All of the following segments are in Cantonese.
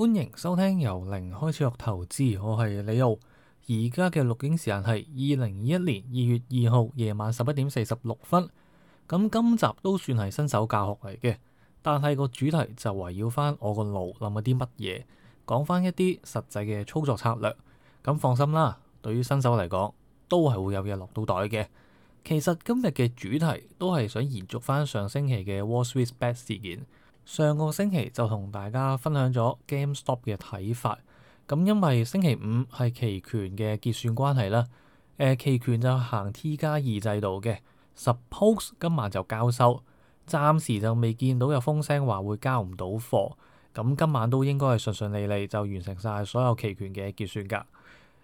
歡迎收聽由零開始學投資，我係李奧。而家嘅錄影時間係二零二一年二月二號夜晚十一點四十六分。咁今集都算係新手教學嚟嘅，但係個主題就圍繞翻我個腦諗嘅啲乜嘢，講翻一啲實際嘅操作策略。咁放心啦，對於新手嚟講，都係會有嘢落到袋嘅。其實今日嘅主題都係想延續翻上星期嘅 Wall Street Bet 事件。上個星期就同大家分享咗 GameStop 嘅睇法，咁因為星期五係期權嘅結算關係啦，誒、呃、期權就行 T 加二制度嘅，Suppose 今晚就交收，暫時就未見到有風聲話會交唔到貨，咁今晚都應該係順順利利就完成晒所有期權嘅結算噶，誒、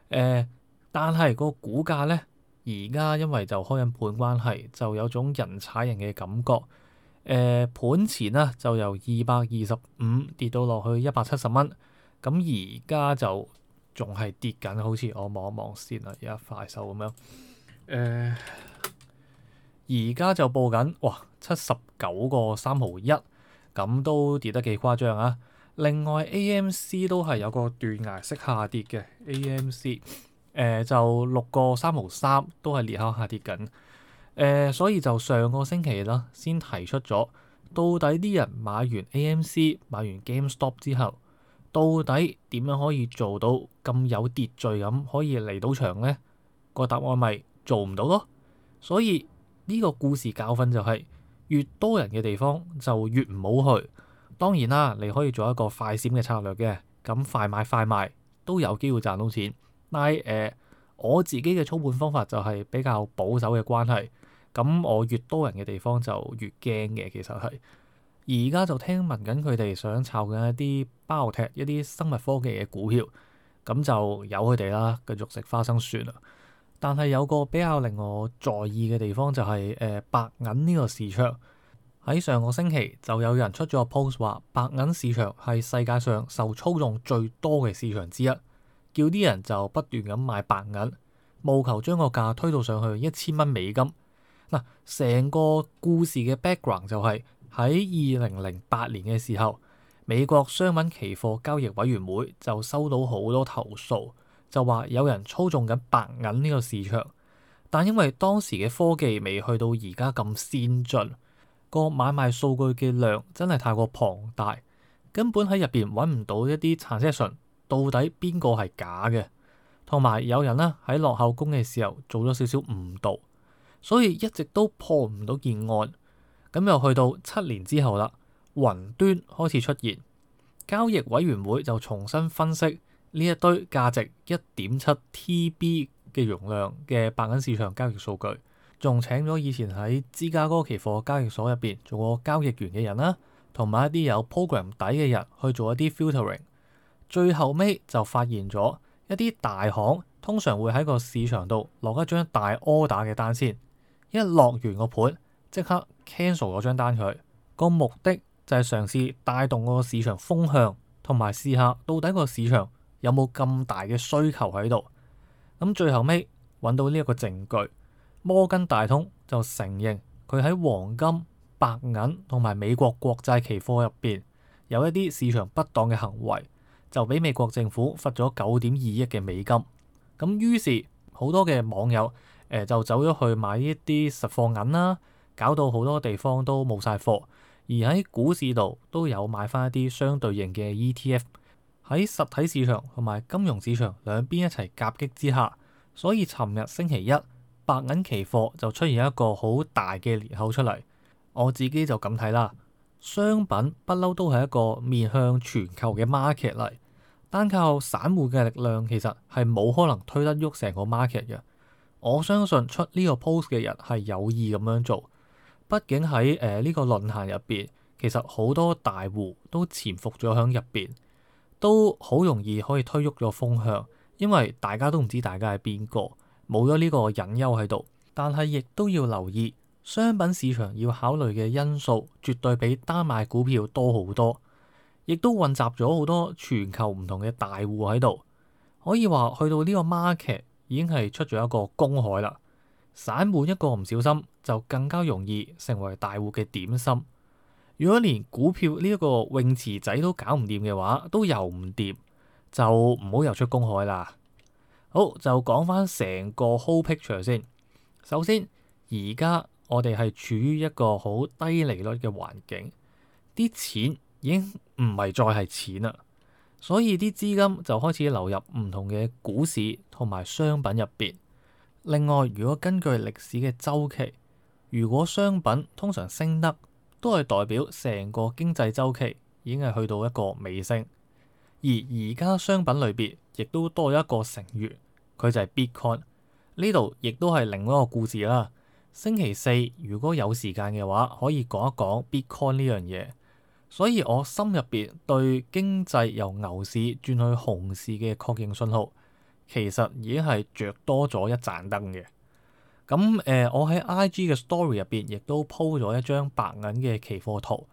呃，但係個股價咧而家因為就開緊盤關係，就有種人踩人嘅感覺。誒、呃、盤前啦，就由二百二十五跌到落去一百七十蚊，咁而家就仲係跌緊，好似我望一望先啦，而家快手咁樣。誒、呃，而家就報緊，哇，七十九個三毫一，咁都跌得幾誇張啊！另外 AMC 都係有個斷崖式下跌嘅，AMC 誒、呃、就六個三毫三，都係裂口下跌緊。誒、呃，所以就上個星期啦，先提出咗，到底啲人買完 AMC、買完 GameStop 之後，到底點樣可以做到咁有秩序咁可以嚟到場呢？個答案咪、就是、做唔到咯。所以呢、呢個故事教訓就係、是，越多人嘅地方就越唔好去。當然啦，你可以做一個快閃嘅策略嘅，咁快買快賣都有機會賺到錢。但係、呃、我自己嘅操盤方法就係比較保守嘅關係。咁我越多人嘅地方就越驚嘅，其實係而家就聽聞緊佢哋想炒緊一啲 biotech 一啲生物科技嘅股票，咁就由佢哋啦，繼續食花生算啦。但係有個比較令我在意嘅地方就係、是、誒、呃、白銀呢個市場喺上個星期就有人出咗個 post 話白銀市場係世界上受操縱最多嘅市場之一，叫啲人就不斷咁買白銀，務求將個價推到上去一千蚊美金。嗱，成個故事嘅 background 就係喺二零零八年嘅時候，美國商品期貨交易委員會就收到好多投訴，就話有人操縱緊白銀呢個市場。但因為當時嘅科技未去到而家咁先進，個買賣數據嘅量真係太過龐大，根本喺入邊揾唔到一啲 transaction，到底邊個係假嘅？同埋有，有人咧喺落後工嘅時候做咗少少誤導。所以一直都破唔到件案，咁又去到七年之後啦，雲端開始出現，交易委員會就重新分析呢一堆價值一點七 TB 嘅容量嘅白銀市場交易數據，仲請咗以前喺芝加哥期貨交易所入邊做過交易員嘅人啦，同埋一啲有 program 底嘅人去做一啲 filtering，最後尾就發現咗一啲大行通常會喺個市場度落一張大 order 嘅單先。一落完個盤，即刻 cancel 咗張單佢。個目的就係嘗試帶動個市場風向，同埋試下到底個市場有冇咁大嘅需求喺度。咁最後尾揾到呢一個證據，摩根大通就承認佢喺黃金、白銀同埋美國國債期貨入邊有一啲市場不當嘅行為，就俾美國政府罰咗九點二億嘅美金。咁於是好多嘅網友，誒、呃、就走咗去買一啲實貨銀啦，搞到好多地方都冇晒貨。而喺股市度都有買翻一啲相對應嘅 ETF 喺實體市場同埋金融市場兩邊一齊夾擊之下，所以尋日星期一白銀期貨就出現一個好大嘅裂口出嚟。我自己就咁睇啦，商品不嬲都係一個面向全球嘅 market 嚟，單靠散戶嘅力量其實係冇可能推得喐成個 market 嘅。我相信出呢個 post 嘅人係有意咁樣做，畢竟喺誒呢個論壇入邊，其實好多大戶都潛伏咗響入邊，都好容易可以推喐咗風向，因為大家都唔知大家係邊個，冇咗呢個隱憂喺度，但係亦都要留意，商品市場要考慮嘅因素絕對比單買股票多好多，亦都混雜咗好多全球唔同嘅大戶喺度，可以話去到呢個 market。已經係出咗一個公海啦，散戶一個唔小心就更加容易成為大戶嘅點心。如果連股票呢一個泳池仔都搞唔掂嘅話，都游唔掂，就唔好游出公海啦。好，就講翻成個 whole picture 先。首先，而家我哋係處於一個好低利率嘅環境，啲錢已經唔係再係錢啦。所以啲資金就開始流入唔同嘅股市同埋商品入邊。另外，如果根據歷史嘅周期，如果商品通常升得，都係代表成個經濟周期已經係去到一個尾聲。而而家商品類別亦都多咗一個成員，佢就係 Bitcoin。呢度亦都係另外一個故事啦。星期四如果有時間嘅話，可以講一講 Bitcoin 呢樣嘢。所以我心入邊對經濟由牛市轉去熊市嘅確認信號，其實已經係着多咗一盞燈嘅。咁誒、呃，我喺 I G 嘅 Story 入邊亦都鋪咗一張白銀嘅期貨圖，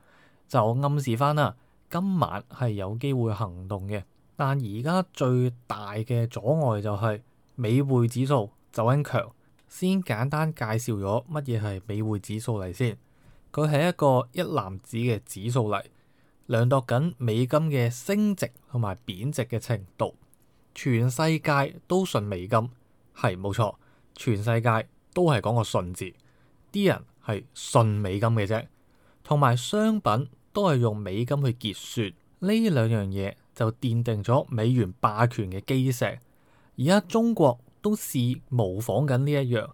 就暗示翻啦，今晚係有機會行動嘅。但而家最大嘅阻礙就係美匯指數走緊強。先簡單介紹咗乜嘢係美匯指數嚟先。佢係一個一籃子嘅指數嚟，量度緊美金嘅升值同埋貶值嘅程度。全世界都信美金，係冇錯，全世界都係講個信字，啲人係信美金嘅啫，同埋商品都係用美金去結算，呢兩樣嘢就奠定咗美元霸權嘅基石。而家中國都試模仿緊呢一樣，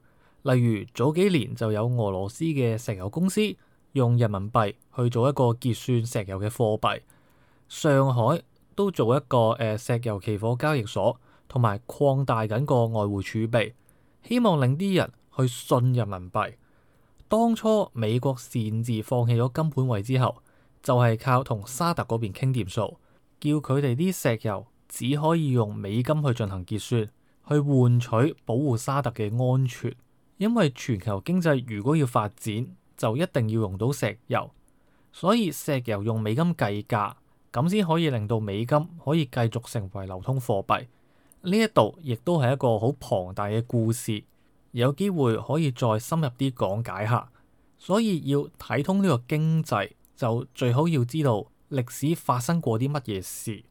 例如早幾年就有俄羅斯嘅石油公司。用人民幣去做一個結算石油嘅貨幣，上海都做一個誒、呃、石油期貨交易所，同埋擴大緊個外匯儲備，希望令啲人去信人民幣。當初美國擅自放棄咗金本位之後，就係、是、靠同沙特嗰邊傾掂數，叫佢哋啲石油只可以用美金去進行結算，去換取保護沙特嘅安全。因為全球經濟如果要發展，就一定要用到石油，所以石油用美金計價，咁先可以令到美金可以繼續成為流通貨幣。呢一度亦都係一個好龐大嘅故事，有機會可以再深入啲講解下。所以要睇通呢個經濟，就最好要知道歷史發生過啲乜嘢事，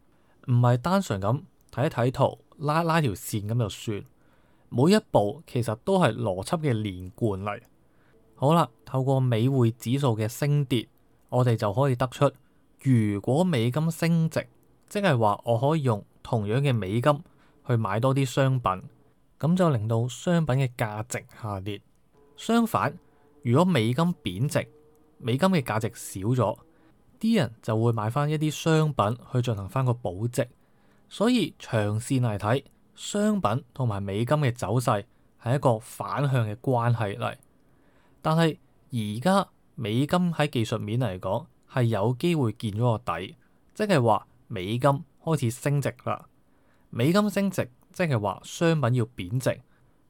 唔係單純咁睇一睇圖拉拉條線咁就算。每一步其實都係邏輯嘅連貫嚟。好啦，透過美匯指數嘅升跌，我哋就可以得出，如果美金升值，即係話，我可以用同樣嘅美金去買多啲商品，咁就令到商品嘅價值下跌。相反，如果美金貶值，美金嘅價值少咗，啲人就會買返一啲商品去進行返個保值。所以長線嚟睇，商品同埋美金嘅走勢係一個反向嘅關係嚟。但係而家美金喺技術面嚟講係有機會見咗個底，即係話美金開始升值啦。美金升值即係話商品要貶值，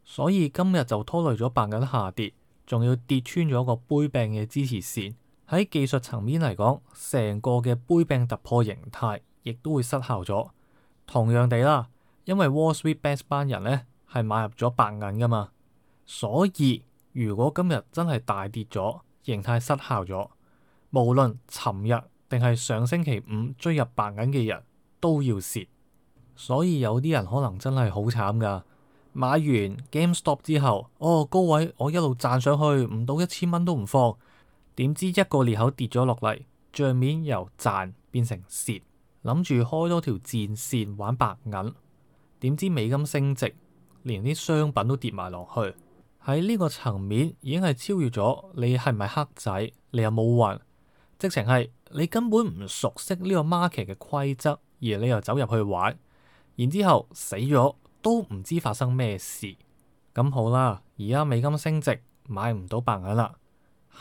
所以今日就拖累咗白銀下跌，仲要跌穿咗個杯柄嘅支持線。喺技術層面嚟講，成個嘅杯柄突破形態亦都會失效咗。同樣地啦，因為 Wall Street Bets 班人咧係買入咗白銀㗎嘛，所以。如果今日真係大跌咗，形態失效咗，無論尋日定係上星期五追入白銀嘅人，都要蝕。所以有啲人可能真係好慘㗎。買完 GameStop 之後，哦，高位我一路賺上去，唔到一千蚊都唔放。點知一個裂口跌咗落嚟，帳面由賺變成蝕。諗住開多條戰線玩白銀，點知美金升值，連啲商品都跌埋落去。喺呢個層面已經係超越咗你係咪黑仔，你有冇運？直情係你根本唔熟悉呢個 market 嘅規則，而你又走入去玩，然之後死咗都唔知發生咩事。咁好啦，而家美金升值，買唔到白銀啦。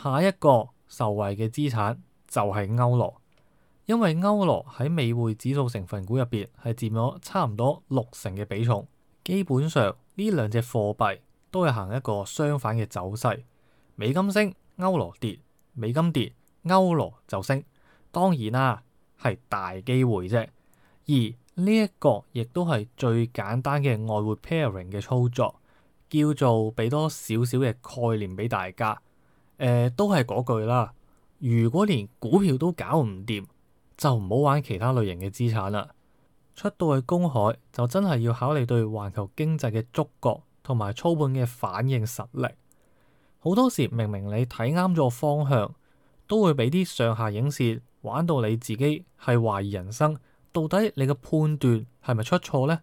下一個受惠嘅資產就係歐羅，因為歐羅喺美匯指數成分股入邊係佔咗差唔多六成嘅比重。基本上呢兩隻貨幣。都係行一個相反嘅走勢，美金升，歐羅跌；美金跌，歐羅就升。當然啦、啊，係大機會啫。而呢一個亦都係最簡單嘅外匯 pairing 嘅操作，叫做俾多少少嘅概念俾大家。誒、呃，都係嗰句啦，如果連股票都搞唔掂，就唔好玩其他類型嘅資產啦。出到去公海就真係要考慮對環球經濟嘅觸覺。同埋操盤嘅反應實力，好多時明明你睇啱咗方向，都會俾啲上下影線玩到你自己係懷疑人生，到底你嘅判斷係咪出錯呢？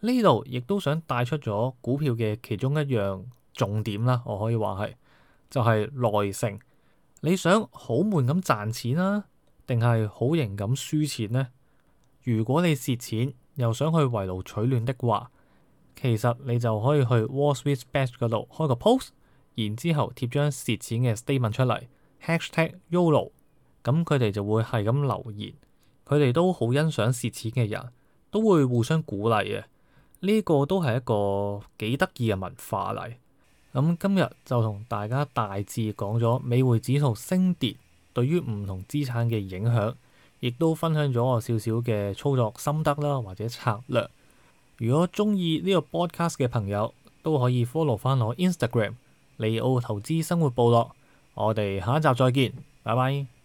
呢度亦都想帶出咗股票嘅其中一樣重點啦。我可以話係就係、是、耐性。你想好悶咁賺錢啦、啊，定係好型咁輸錢呢？如果你蝕錢又想去圍爐取暖的話。其實你就可以去 Wall Street Batch 嗰度開個 post，然之後貼張蝕錢嘅 statement 出嚟，#Yolo，h h a a s t g 咁佢哋就會係咁留言。佢哋都好欣賞蝕錢嘅人，都會互相鼓勵啊。呢、這個都係一個幾得意嘅文化嚟。咁今日就同大家大致講咗美匯指數升跌對於唔同資產嘅影響，亦都分享咗我少少嘅操作心得啦，或者策略。如果鍾意呢個 broadcast 嘅朋友，都可以 follow 翻我 Instagram 利奧投資生活部落。我哋下一集再見，拜拜。